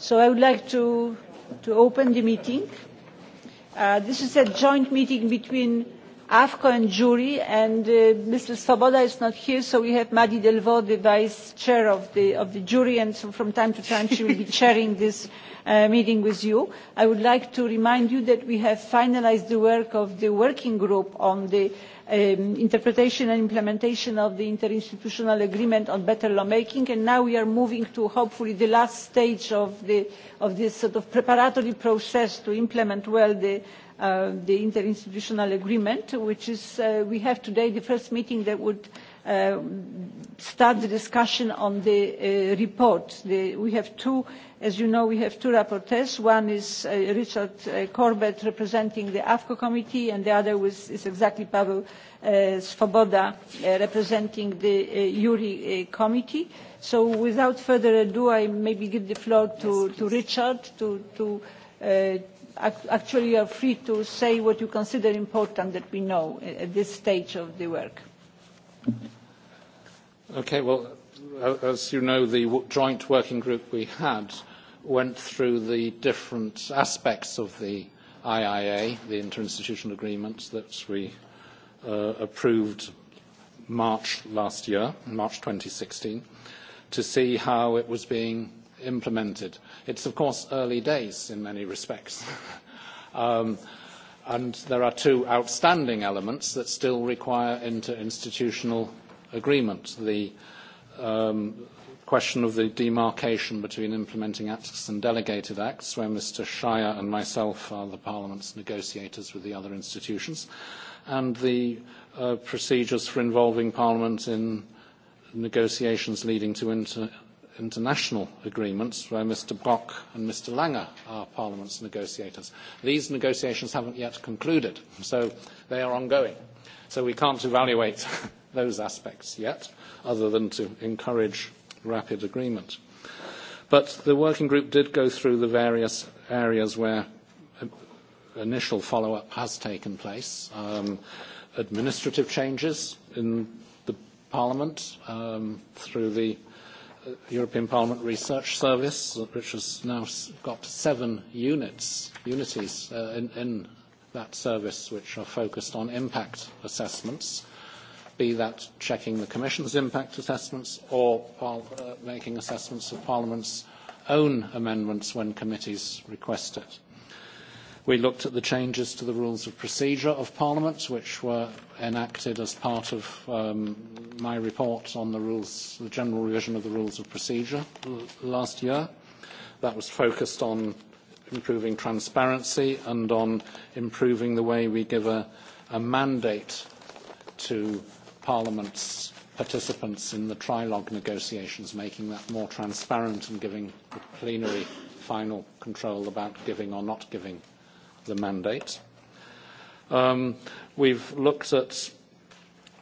So I would like to, to open the meeting. Uh, this is a joint meeting between afco and juri uh, and mr swoboda is not here so we have madi delvaux the vice chair of the, jury and so from time to time she will be chairing this uh, meeting with you. i would like to remind you that we have finalised the work of the working group on the um, interpretation and implementation of the interinstitutional agreement on better lawmaking and now we are moving to hopefully the last stage of, the, of this sort of preparatory process to implement well the uh, the interinstitutional agreement, which is uh, we have today the first meeting that would uh, start the discussion on the uh, report. The, we have two, as you know, we have two rapporteurs. One is uh, Richard uh, Corbett representing the AFCO committee, and the other was, is exactly Pavel uh, Svoboda uh, representing the uh, URI uh, committee. So without further ado, I maybe give the floor to, yes, to Richard to, to, uh, actually you are free to say what you consider important that we know uh, at this stage of the work. Okay, well, as you know, the joint working group we had went through the different aspects of the IIA, the interinstitutional agreement that we uh, approved March last year, March 2016, to see how it was being implemented. It's, of course, early days in many respects. um, and there are two outstanding elements that still require interinstitutional agreement. The um, question of the demarcation between implementing acts and delegated acts, where Mr. Shire and myself are the Parliament's negotiators with the other institutions, and the uh, procedures for involving Parliament in negotiations leading to inter international agreements where Mr Brok and Mr Langer are Parliament's negotiators. These negotiations haven't yet concluded, so they are ongoing. So we can't evaluate those aspects yet, other than to encourage rapid agreement. But the working group did go through the various areas where initial follow-up has taken place. Um, administrative changes in the Parliament um, through the European Parliament Research Service, which has now got seven units, unities uh, in, in that service which are focused on impact assessments, be that checking the Commission's impact assessments or par- uh, making assessments of Parliament's own amendments when committees request it. We looked at the changes to the rules of procedure of Parliament, which were enacted as part of um, my report on the, rules, the general revision of the rules of procedure last year. That was focused on improving transparency and on improving the way we give a, a mandate to Parliament's participants in the trilogue negotiations, making that more transparent and giving the plenary final control about giving or not giving the mandate. Um, we've looked at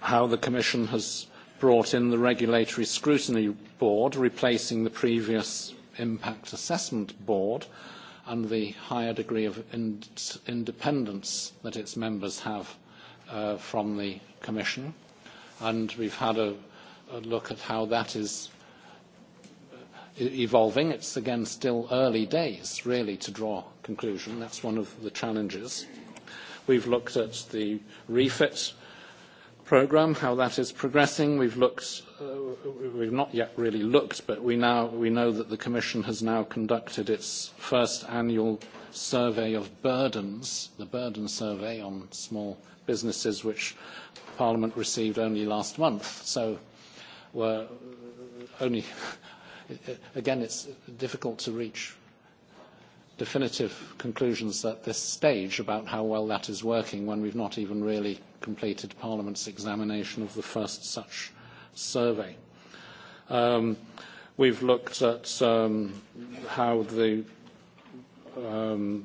how the Commission has brought in the Regulatory Scrutiny Board, replacing the previous Impact Assessment Board, and the higher degree of in independence that its members have uh, from the Commission. And we've had a, a look at how that is evolving. It's again still early days, really, to draw a conclusion. That's one of the challenges. We've looked at the refit program, how that is progressing. We've looked, uh, we've not yet really looked, but we now we know that the Commission has now conducted its first annual survey of burdens, the burden survey on small businesses, which Parliament received only last month. So we're only again, it's difficult to reach definitive conclusions at this stage about how well that is working when we've not even really completed Parliament's examination of the first such survey. Um, we've looked at um, how the um,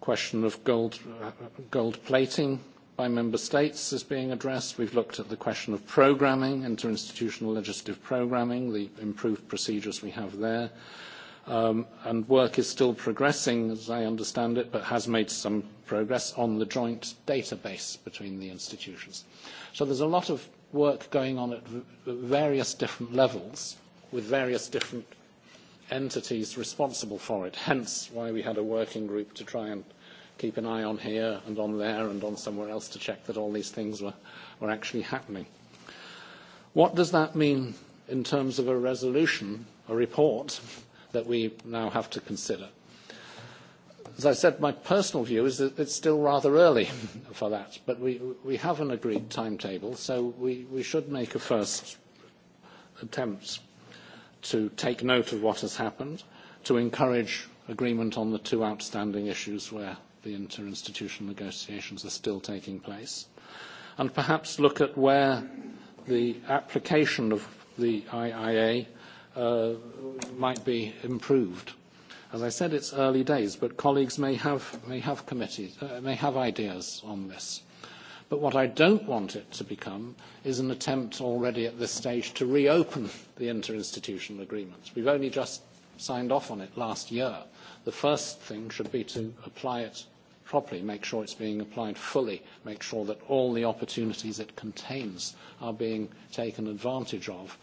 question of gold, uh, gold plating by member states is being addressed. We've looked at the question of programming, interinstitutional legislative programming, the improved procedures we have there. Um, and work is still progressing, as I understand it, but has made some progress on the joint database between the institutions. So there's a lot of work going on at various different levels with various different entities responsible for it, hence why we had a working group to try and keep an eye on here and on there and on somewhere else to check that all these things were, were actually happening. What does that mean in terms of a resolution, a report that we now have to consider? As I said, my personal view is that it's still rather early for that, but we, we have an agreed timetable, so we, we should make a first attempt to take note of what has happened, to encourage agreement on the two outstanding issues where the interinstitutional negotiations are still taking place, and perhaps look at where the application of the IIA uh, might be improved. As I said, it's early days, but colleagues may have, may have committees, uh, may have ideas on this. But what I don't want it to become is an attempt already at this stage to reopen the interinstitutional agreements. We've only just signed off on it last year. The first thing should be to apply it properly, make sure it's being applied fully, make sure that all the opportunities it contains are being taken advantage of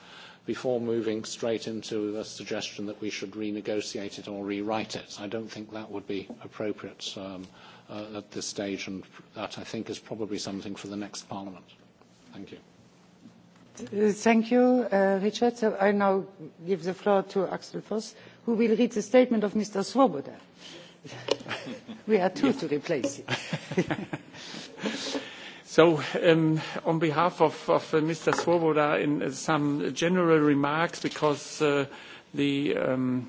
before moving straight into the suggestion that we should renegotiate it or rewrite it. I don't think that would be appropriate um, uh, at this stage, and that I think is probably something for the next Parliament. Thank you. Uh, thank you, uh, Richard. So I now give the floor to Axel Voss, who will read the statement of Mr. Swoboda we are two to replace you. so, um, on behalf of, of uh, Mr. Swoboda, in some general remarks, because uh, the um,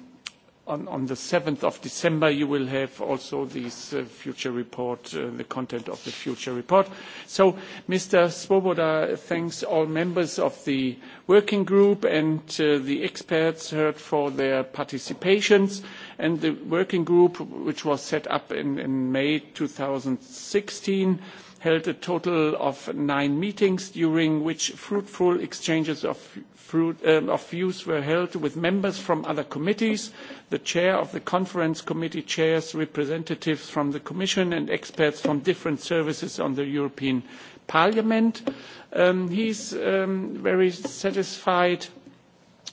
on, the 7th of December, you will have also this uh, future report, uh, the content of the future report. So Mr. Swoboda thanks all members of the working group and uh, the experts heard for their participations. And the working group, which was set up in, in May 2016, held a total of nine meetings during which fruitful exchanges of, fruit, um, of views were held with members from other committees, the chair of the conference committee chairs, representatives from the Commission and experts from different services on the European Parliament. Um, he is um, very satisfied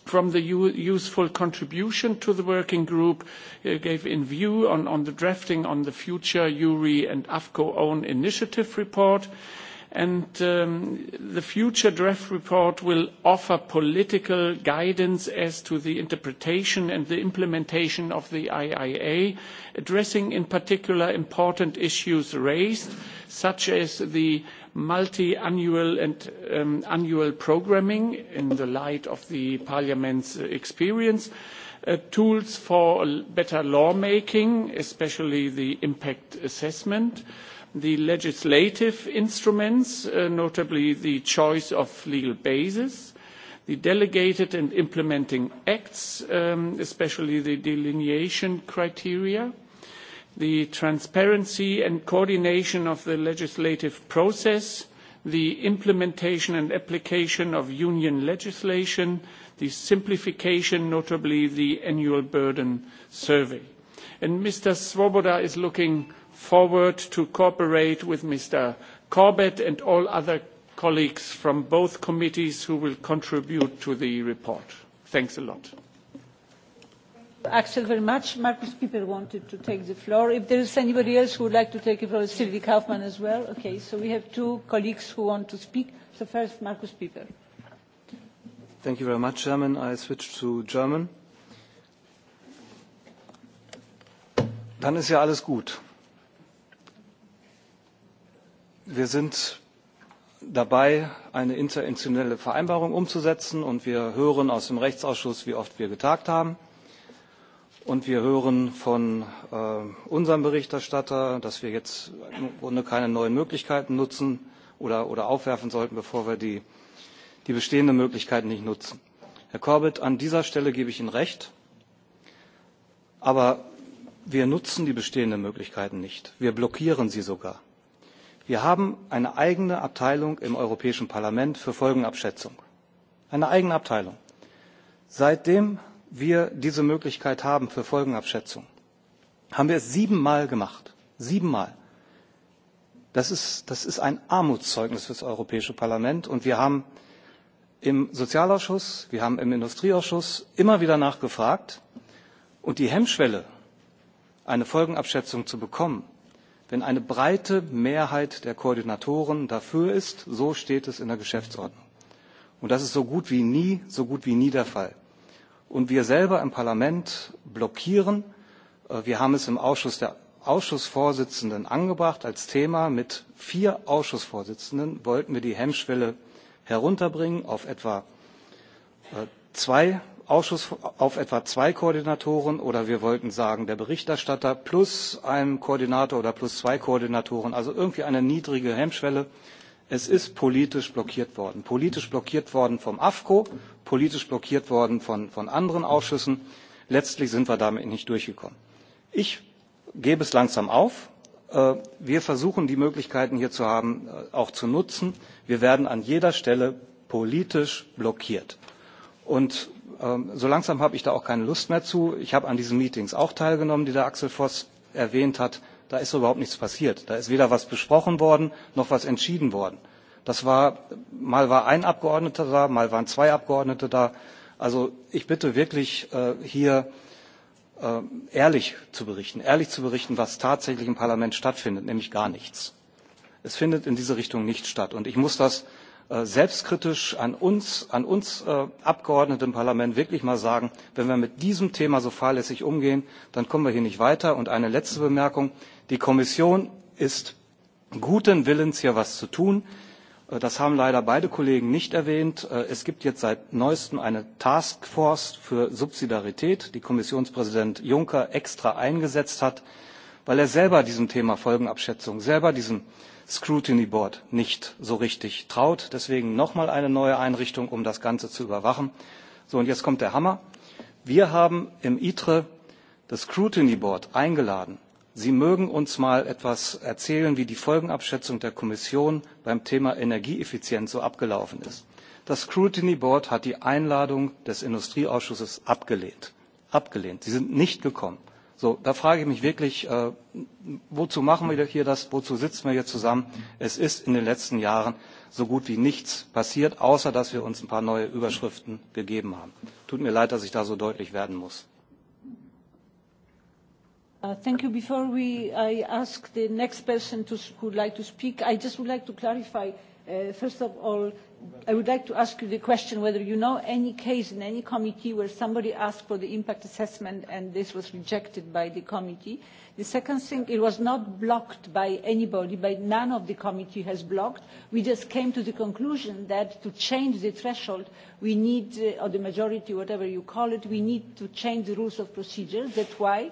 from the useful contribution to the working group uh, gave in view on, on the drafting on the future URI and AFCO own initiative report and um, the future draft report will offer political guidance as to the interpretation and the implementation of the IIA, addressing in particular important issues raised, such as the multi-annual and um, annual programming in the light of the parliament's experience, Uh, tools for better lawmaking, especially the impact assessment, the legislative instruments, uh, notably the choice of legal basis, the delegated and implementing acts, um, especially the delineation criteria, the transparency and coordination of the legislative process, the implementation and application of union legislation, the simplification, notably the annual burden survey. And Mr. Swoboda is looking forward to cooperate with Mr. Corbett and all other colleagues from both committees who will contribute to the report. Thanks a lot. Axel very much. Markus Pieper wanted to take the floor. If there is anybody else who would like to take the floor, Sylvie Kaufmann as well. Okay, so we have two colleagues who want to speak. So first, Markus Pieper. Thank you very much, Chairman. I switch to German. Dann ist ja alles gut wir sind dabei, eine interinstitutionelle Vereinbarung umzusetzen und wir hören aus dem Rechtsausschuss, wie oft wir getagt haben. Und wir hören von äh, unserem Berichterstatter, dass wir jetzt im Grunde keine neuen Möglichkeiten nutzen oder, oder aufwerfen sollten, bevor wir die, die bestehenden Möglichkeiten nicht nutzen. Herr Corbett, an dieser Stelle gebe ich Ihnen recht. Aber wir nutzen die bestehenden Möglichkeiten nicht. Wir blockieren sie sogar wir haben eine eigene abteilung im europäischen parlament für folgenabschätzung eine eigene abteilung. seitdem wir diese möglichkeit haben für folgenabschätzung haben wir es siebenmal gemacht siebenmal. Das ist, das ist ein armutszeugnis für das europäische parlament und wir haben im sozialausschuss wir haben im industrieausschuss immer wieder nachgefragt und die hemmschwelle eine folgenabschätzung zu bekommen wenn eine breite Mehrheit der Koordinatoren dafür ist, so steht es in der Geschäftsordnung. Und das ist so gut wie nie, so gut wie nie der Fall. Und wir selber im Parlament blockieren, äh, wir haben es im Ausschuss der Ausschussvorsitzenden angebracht als Thema, mit vier Ausschussvorsitzenden wollten wir die Hemmschwelle herunterbringen auf etwa äh, zwei Ausschuss auf etwa zwei Koordinatoren oder wir wollten sagen, der Berichterstatter plus einen Koordinator oder plus zwei Koordinatoren, also irgendwie eine niedrige Hemmschwelle. Es ist politisch blockiert worden. Politisch blockiert worden vom AFCO, politisch blockiert worden von, von anderen Ausschüssen. Letztlich sind wir damit nicht durchgekommen. Ich gebe es langsam auf. Äh, wir versuchen, die Möglichkeiten hier zu haben, äh, auch zu nutzen. Wir werden an jeder Stelle politisch blockiert. Und ähm, so langsam habe ich da auch keine Lust mehr zu. Ich habe an diesen Meetings auch teilgenommen, die der Axel Voss erwähnt hat. Da ist so überhaupt nichts passiert. Da ist weder was besprochen worden, noch was entschieden worden. Das war, mal war ein Abgeordneter da, mal waren zwei Abgeordnete da. Also ich bitte wirklich äh, hier äh, ehrlich zu berichten, ehrlich zu berichten, was tatsächlich im Parlament stattfindet, nämlich gar nichts. Es findet in diese Richtung nicht statt. Und ich muss das Äh, selbstkritisch an uns, an uns äh, Abgeordnete im Parlament wirklich mal sagen, wenn wir mit diesem Thema so fahrlässig umgehen, dann kommen wir hier nicht weiter. Und eine letzte Bemerkung. Die Kommission ist guten Willens, hier was zu tun. Äh, das haben leider beide Kollegen nicht erwähnt. Es gibt jetzt seit neuestem eine Taskforce für Subsidiarität, die Kommissionspräsident Juncker extra eingesetzt hat, weil er selber diesem Thema Folgenabschätzung, selber diesem Scrutiny Board nicht so richtig traut. Deswegen nochmal eine neue Einrichtung, um das Ganze zu überwachen. So, und jetzt kommt der Hammer. Wir haben im ITRE das Scrutiny Board eingeladen. Sie mögen uns mal etwas erzählen, wie die Folgenabschätzung der Kommission beim Thema Energieeffizienz so abgelaufen ist. Das Scrutiny Board hat die Einladung des Industrieausschusses abgelehnt. Abgelehnt. Sie sind nicht gekommen. So, da frage ich mich wirklich, äh, wozu machen wir hier das, wozu sitzen wir hier zusammen? Es ist in den letzten Jahren so gut wie nichts passiert, außer dass wir uns ein paar neue Überschriften gegeben haben. Tut mir leid, dass ich da so deutlich werden muss. Uh, thank you. Before we, I ask the next person to, who would like to speak, I just would like to clarify, uh, first of all, i would like to ask you the question whether you know any case in any committee where somebody asked for the impact assessment and this was rejected by the committee. The second thing, it was not blocked by anybody, by none of the committee has blocked. We just came to the conclusion that to change the threshold, we need, uh, or the majority, whatever you call it, we need to change the rules of procedure. That's why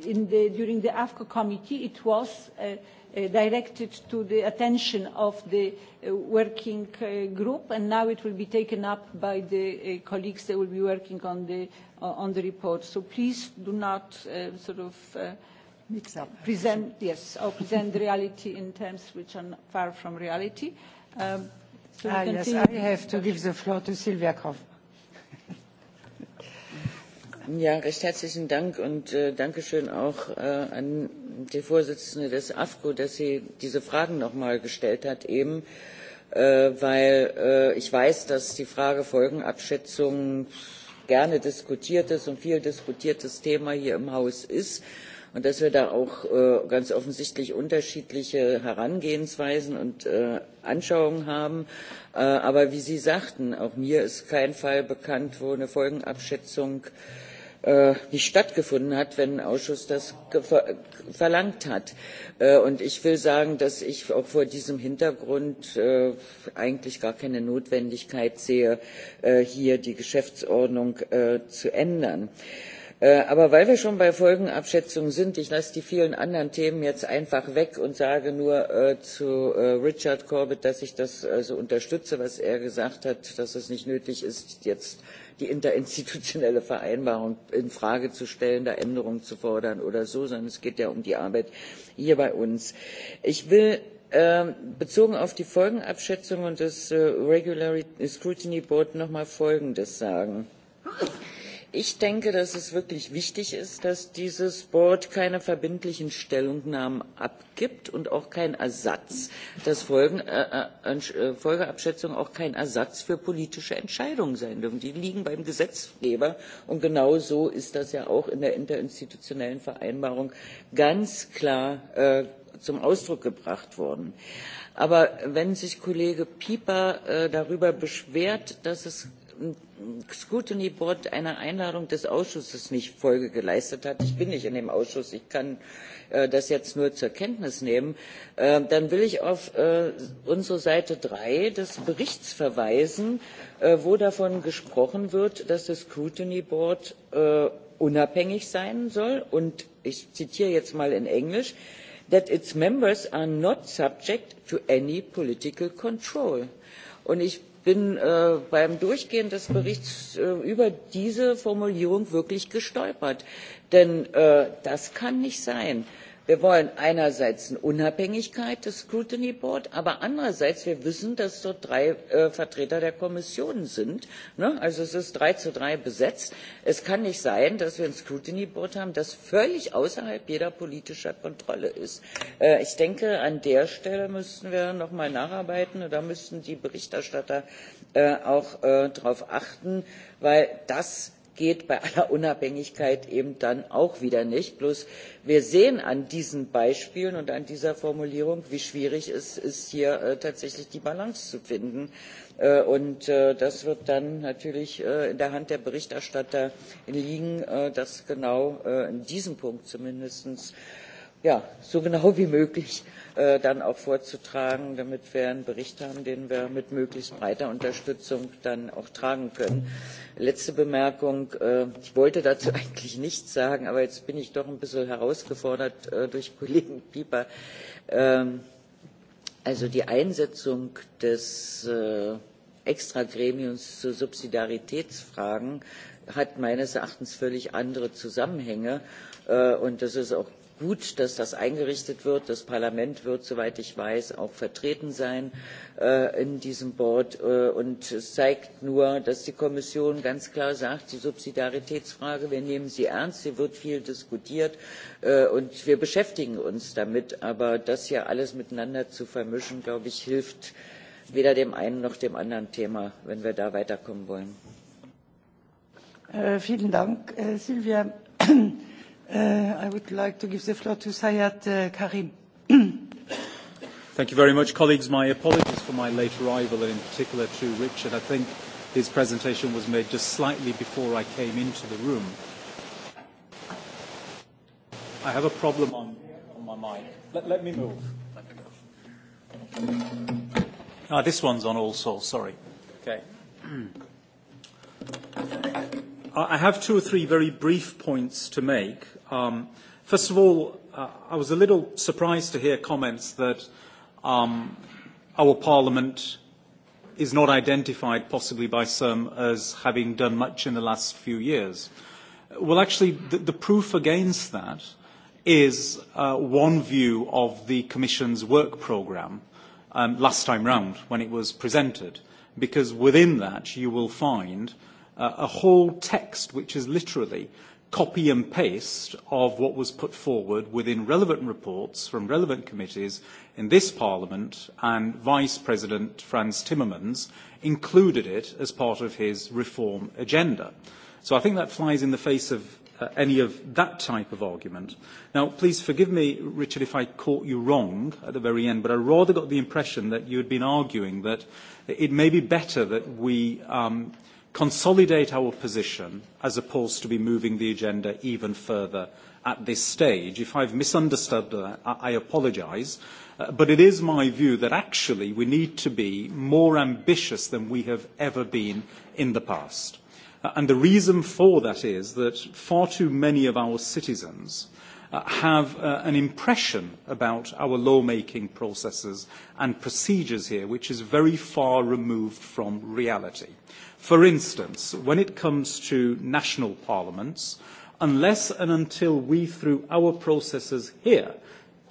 in the, during the AFCO committee, it was uh, uh, directed to the attention of the uh, working uh, group and now it will be taken up by the uh, colleagues that will be working on the, uh, on the report. So please do not uh, sort of uh, mix up. Present, yes, or present reality in terms which are far from reality. Um, so ah, yes, I have to give the floor to Silvia Kaufmann. Ja, recht herzlichen Dank und äh, Dankeschön auch äh, an die Vorsitzende des AFCO, dass sie diese Fragen noch mal gestellt hat eben, äh, weil äh, ich weiß, dass die Frage Folgenabschätzung gerne diskutiertes und viel diskutiertes Thema hier im Haus ist und dass wir da auch äh, ganz offensichtlich unterschiedliche Herangehensweisen und äh, Anschauungen haben. Äh, aber wie Sie sagten, auch mir ist kein Fall bekannt, wo eine Folgenabschätzung äh, Äh, nicht stattgefunden hat, wenn ein Ausschuss das verlangt hat. Äh, und ich will sagen, dass ich auch vor diesem Hintergrund äh, eigentlich gar keine Notwendigkeit sehe, hier die Geschäftsordnung zu ändern. Äh, Äh, aber weil wir schon bei folgenabschätzung sind ich lasse die vielen anderen themen jetzt einfach weg und sage nur äh, zu äh, richard corbett dass ich das also unterstütze was er gesagt hat dass es nicht nötig ist jetzt die interinstitutionelle vereinbarung in frage zu stellen da änderungen zu fordern oder so sondern es geht ja um die arbeit hier bei uns. ich will ähm, bezogen auf die folgenabschätzung und das äh, regulatory scrutiny board noch mal folgendes sagen ich denke dass es wirklich wichtig ist dass dieses board keine verbindlichen stellungnahmen abgibt und auch kein ersatz dass Folgen, äh, äh, äh, folgeabschätzungen auch kein ersatz für politische entscheidungen sein dürfen. die liegen beim gesetzgeber und genau so ist das ja auch in der interinstitutionellen vereinbarung ganz klar äh, zum ausdruck gebracht worden. aber wenn sich kollege pieper äh, darüber beschwert dass es scrutiny board einer einladung des ausschusses nicht folge geleistet hat ich bin nicht in dem ausschuss ich kann äh, das jetzt nur zur kenntnis nehmen äh, dann will ich auf äh, unsere seite drei des berichts verweisen wo davon gesprochen wird dass das scrutiny board unabhängig sein soll und ich zitiere jetzt mal in englisch that its members are not subject to any political control. und ich bin äh, beim Durchgehen des Berichts äh, über diese Formulierung wirklich gestolpert. Denn äh, das kann nicht sein wir wollen einerseits eine unabhängigkeit des scrutiny board aber andererseits wir wissen dass dort drei äh, vertreter der kommission sind also es ist drei zu drei besetzt. es kann nicht sein dass wir ein scrutiny board haben das völlig außerhalb jeder politischer kontrolle ist. Äh, ich denke an der stelle müssten wir noch mal nacharbeiten und da müssten die berichterstatter äh, auch darauf achten weil das geht bei aller Unabhängigkeit eben dann auch wieder nicht. Bloß wir sehen an diesen Beispielen und an dieser Formulierung, wie schwierig es ist, hier äh, tatsächlich die Balance zu finden. Äh, und äh, das wird dann natürlich in der Hand der Berichterstatter liegen, das genau in diesem Punkt zumindest ja, so genau wie möglich äh, dann auch vorzutragen, damit wir einen Bericht haben, den wir mit möglichst breiter Unterstützung dann auch tragen können. Letzte Bemerkung. Äh, ich wollte dazu eigentlich nichts sagen, aber jetzt bin ich doch ein bisschen herausgefordert äh, durch Kollegen Pieper. Ähm, also die Einsetzung des äh, Extragremiums zu Subsidiaritätsfragen hat meines Erachtens völlig andere Zusammenhänge. Äh, und das ist auch gut, dass das eingerichtet wird. Das Parlament wird, soweit ich weiß, auch vertreten sein äh, in diesem Board. Äh, und es zeigt nur, dass die Kommission ganz klar sagt, die Subsidiaritätsfrage, wir nehmen sie ernst, sie wird viel diskutiert äh, und wir beschäftigen uns damit. Aber das hier alles miteinander zu vermischen, glaube ich, hilft weder dem einen noch dem anderen Thema, wenn wir da weiterkommen wollen. vielen Dank, Silvia. Uh, uh, Thank you very much, colleagues. My apologies for my late arrival, and in particular to Richard. I think his presentation was made just slightly before I came into the room. I have a problem on, on my mic. Let, Let me move. Ah, this one's on also, sorry. Okay. I have two or three very brief points to make. Um, first of all, uh, I was a little surprised to hear comments that um, our Parliament is not identified possibly by some as having done much in the last few years. Well, actually, the, the proof against that is uh, one view of the Commission's work programme um, last time round when it was presented, because within that you will find – uh, a whole text which is literally copy and paste of what was put forward within relevant reports from relevant committees in this parliament and vice president franz timmermans included it as part of his reform agenda so i think that flies in the face of uh, any of that type of argument now please forgive me richard if i caught you wrong at the very end but i rather got the impression that you had been arguing that it may be better that we um, uh, consolidate our position as opposed to be moving the agenda even further at this stage. If I've misunderstood that, I apologise. Uh, but it is my view that actually we need to be more ambitious than we have ever been in the past. Uh, and the reason for that is that far too many of our citizens uh, uh, have uh, an impression about our lawmaking processes and procedures here, which is very far removed from reality. For instance, when it comes to national parliaments, unless and until we, through our processes here,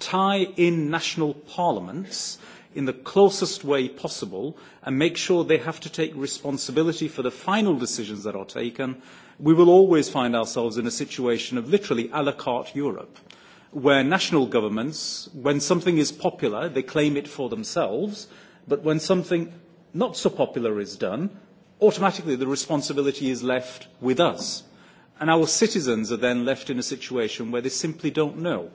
tie in national parliaments in the closest way possible and make sure they have to take responsibility for the final decisions that are taken, we will always find ourselves in a situation of literally a la carte Europe, where national governments, when something is popular, they claim it for themselves, but when something not so popular is done, automatically the responsibility is left with us. And our citizens are then left in a situation where they simply don't know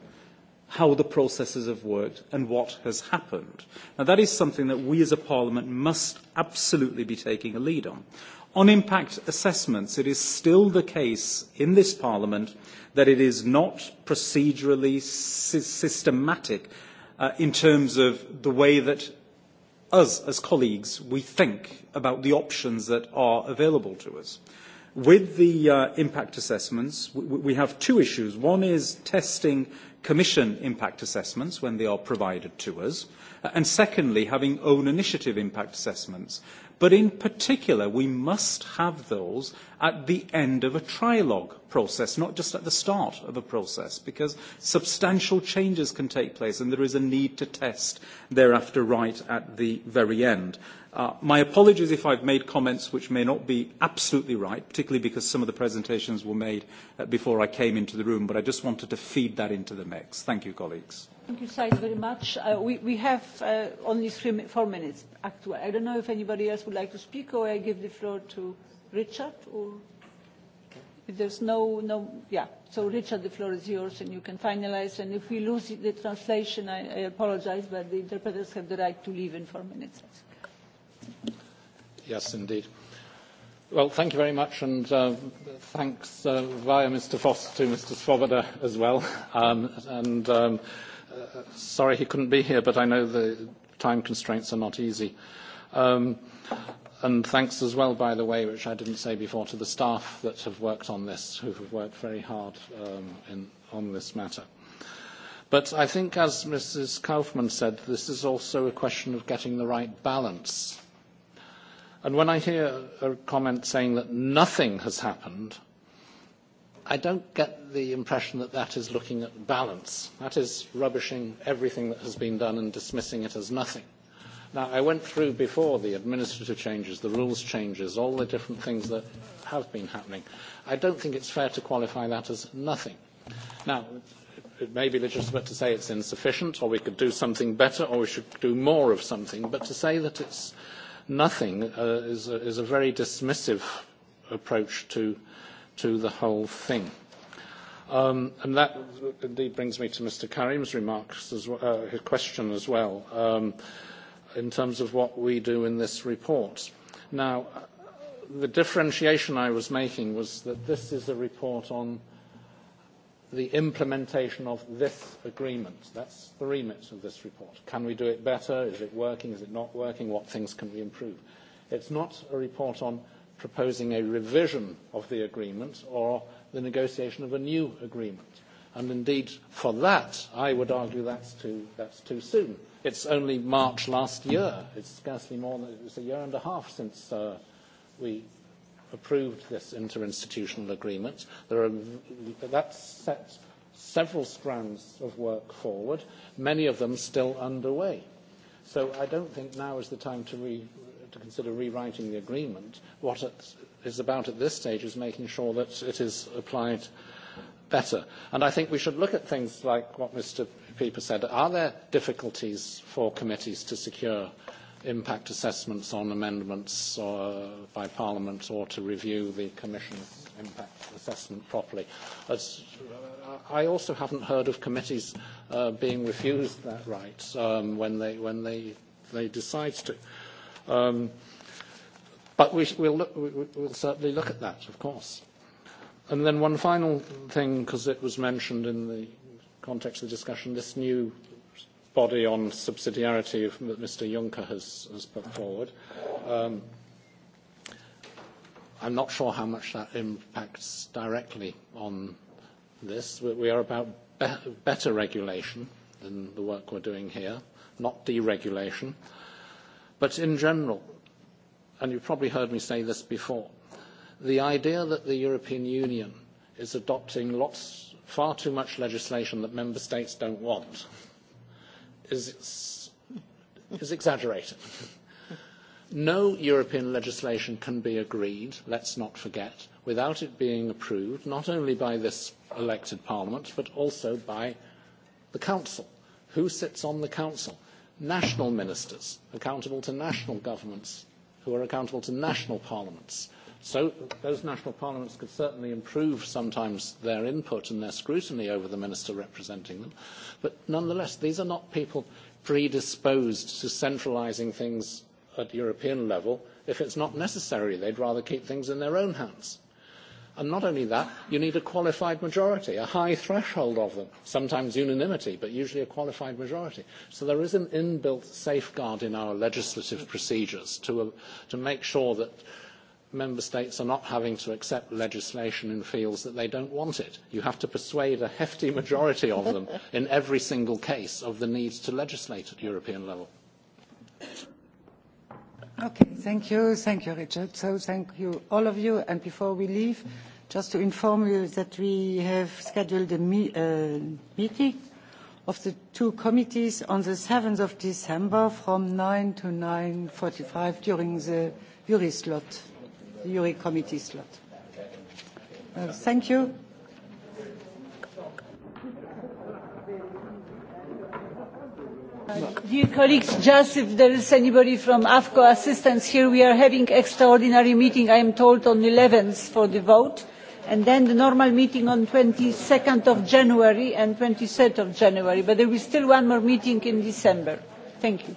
how the processes have worked and what has happened. Now, that is something that we as a parliament must absolutely be taking a lead on. On impact assessments, it is still the case in this parliament that it is not procedurally sy systematic uh, in terms of the way that us as colleagues, we think about the options that are available to us. With the uh, impact assessments, we, we have two issues. One is testing commission impact assessments when they are provided to us, uh, and secondly, having own initiative impact assessments. But in particular, we must have those at the end of a trilogue process, not just at the start of a process, because substantial changes can take place and there is a need to test thereafter right at the very end. Uh, my apologies if I've made comments which may not be absolutely right, particularly because some of the presentations were made uh, before I came into the room, but I just wanted to feed that into the mix. Thank you, colleagues. Thank you, Said, very much. Uh, we, we have uh, only three, four minutes. Actually. I don't know if anybody else would like to speak, or I give the floor to Richard, or if there's no, no, yeah. So, Richard, the floor is yours, and you can finalize. And if we lose the translation, I, I apologize, but the interpreters have the right to leave in four minutes. Yes, indeed. Well, thank you very much, and uh, thanks uh, via Mr. Foss to Mr. Swoboda as well. Um, and um, uh, sorry he couldn't be here, but I know the time constraints are not easy. Um, and thanks as well, by the way, which I didn't say before, to the staff that have worked on this, who have worked very hard um, in, on this matter. But I think, as Mrs. Kaufmann said, this is also a question of getting the right balance And when I hear a comment saying that nothing has happened, I don't get the impression that that is looking at balance. That is rubbishing everything that has been done and dismissing it as nothing. Now, I went through before the administrative changes, the rules changes, all the different things that have been happening. I don't think it's fair to qualify that as nothing. Now, it may be legitimate to say it's insufficient, or we could do something better, or we should do more of something, but to say that it's nothing uh, is, a, is a very dismissive approach to, to the whole thing. Um, and that indeed brings me to Mr. Karim's remarks, as well, uh, his question as well, um, in terms of what we do in this report. Now, the differentiation I was making was that this is a report on uh, the implementation of this agreement. That's the remit of this report. Can we do it better? Is it working? Is it not working? What things can we improve? It's not a report on proposing a revision of the agreement or the negotiation of a new agreement. And indeed, for that, I would argue that's too, that's too soon. It's only March last year. It's scarcely more than it's a year and a half since uh, we approved this interinstitutional agreement. There are, that sets several strands of work forward, many of them still underway. So I don't think now is the time to, re, to consider rewriting the agreement. What it is about at this stage is making sure that it is applied better. And I think we should look at things like what Mr. Pieper said. Are there difficulties for committees to secure impact assessments on amendments uh, by Parliament or to review the Commission's impact assessment properly. As, uh, I also haven't heard of committees uh, being refused that right um, when, they, when they, they decide to. Um, but we, we'll, look, we, we'll certainly look at that, of course. And then one final thing, because it was mentioned in the context of the discussion, this new body on subsidiarity that Mr. Juncker has, has put forward. Um, I'm not sure how much that impacts directly on this. We are about be better regulation than the work we're doing here, not deregulation. But in general, and you've probably heard me say this before, the idea that the European Union is adopting lots, far too much legislation that member states don't want is, is exaggerated. No European legislation can be agreed, let's not forget, without it being approved not only by this elected parliament but also by the council. Who sits on the council? National ministers accountable to national governments who are accountable to national parliaments so those national parliaments could certainly improve sometimes their input and their scrutiny over the minister representing them. But nonetheless, these are not people predisposed to centralising things at European level. If it's not necessary, they'd rather keep things in their own hands. And not only that, you need a qualified majority, a high threshold of them, sometimes unanimity, but usually a qualified majority. So there is an inbuilt safeguard in our legislative procedures to, uh, to make sure that member states are not having to accept legislation in fields that they don't want it. You have to persuade a hefty majority of them in every single case of the need to legislate at European level. Okay, thank you. Thank you, Richard. So thank you, all of you. And before we leave, just to inform you that we have scheduled a me uh, meeting of the two committees on the 7th of December from 9 to 9.45 during the jury slot. Committee slot. Uh, thank you. Uh, dear colleagues, just if there is anybody from AFCO assistance here, we are having extraordinary meeting, I am told, on 11th for the vote, and then the normal meeting on 22nd of January and 23rd of January, but there is still one more meeting in December. Thank you.